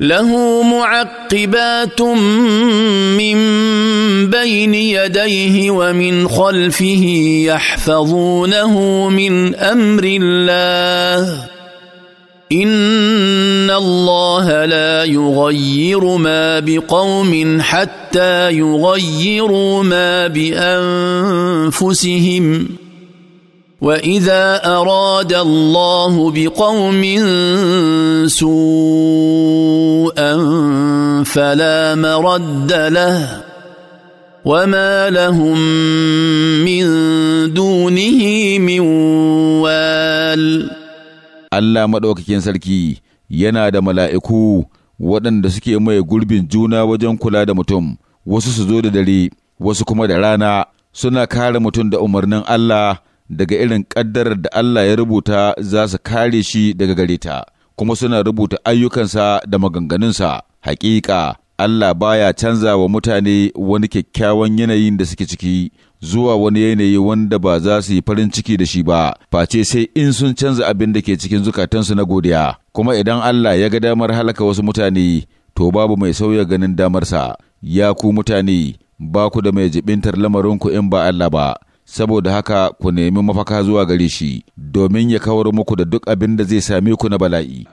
له معقبات من بين يديه ومن خلفه يحفظونه من امر الله ان الله لا يغير ما بقوم حتى يغيروا ما بانفسهم واذا اراد الله بقوم سوء فلا مرد له وما لهم من دونه من وال Allah maɗaukakin sarki yana da mala'iku waɗanda suke mai gurbin juna wajen kula da mutum, wasu su zo da dare, wasu kuma da rana, suna kare mutum da umarnin Allah daga irin ƙaddarar da Allah ya rubuta za su kare shi daga gare ta. kuma suna rubuta ayyukansa da maganganunsa hakika Allah baya canza wa mutane wani kyakkyawan yanayin da suke ciki zuwa wani yanayi wanda ba za su yi farin ciki da shi ba, face sai in sun canza abin da ke cikin zukatansu na godiya, kuma idan Allah ya ga damar halaka wasu mutane, to babu mai sauya ganin damarsa, ya ku mutane, ba ku da mai jibintar lamarinku in ba Allah ba. saboda haka ku nemi mafaka zuwa gare shi domin ya kawar muku da duk abin da zai same ku na bala'i.